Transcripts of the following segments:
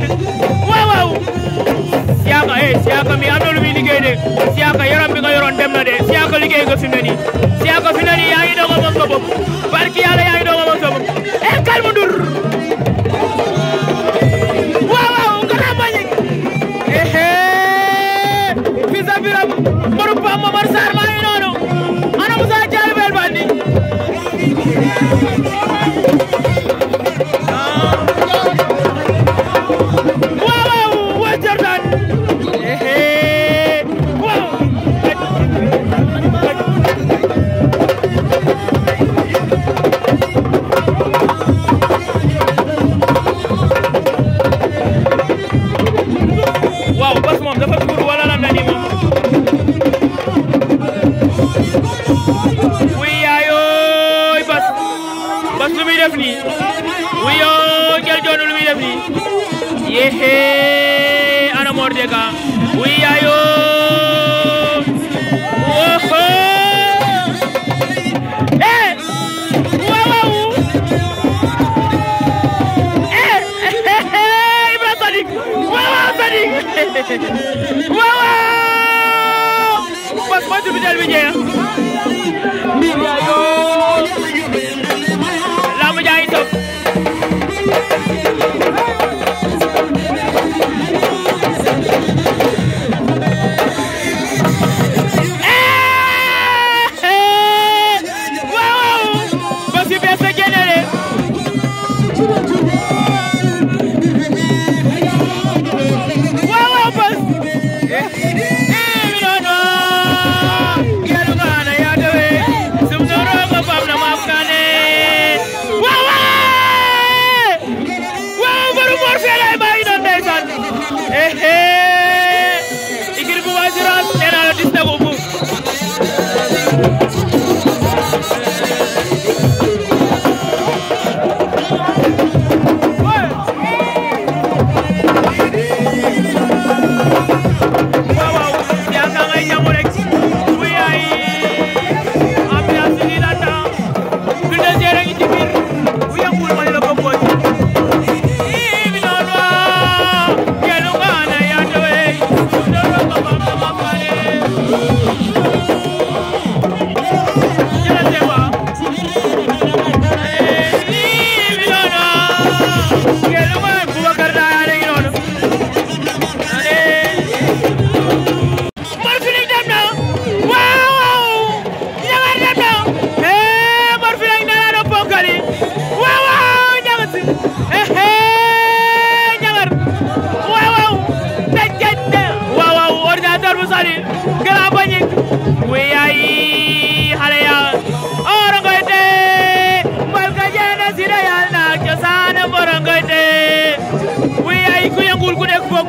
mbedd waaw waaw Siaka eh Siaka mi am na lu liggéey de Siaka yaram bi nga yoroon dem na de Siaka liggéey nga fi mu ne nii Siaka fi mu ne nii refli wiyo jel joni ɗum wi refli yehe ana morde ga wiyayo oho e wawaw e ibra sadik wawaw sadik wawaw basma dubitel wi jeya mbiyayo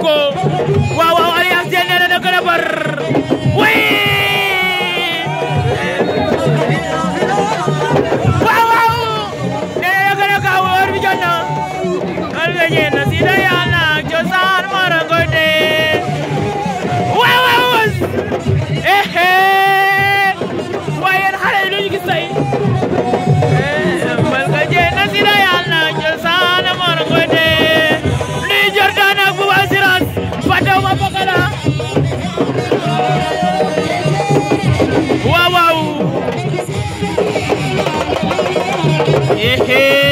ko waaw waaw Alliance Diène nee na da la bar way waaw waaw nee na da ko la ka bi jot na al na si na yàlla Yeah.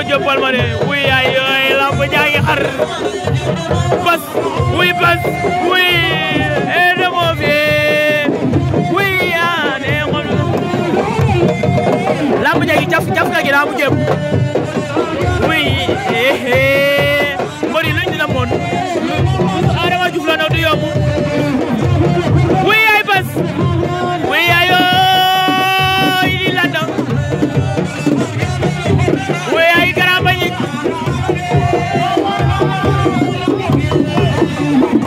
Demba Diop Palmarin wuy yaay yooy lamb jaa ngi bas wuy bas wuy ee eh, demoo fi wuy yaa nee ngol lamb jaa ngi jaf jaf na gi daa wuy ee eh, eh. Thank you.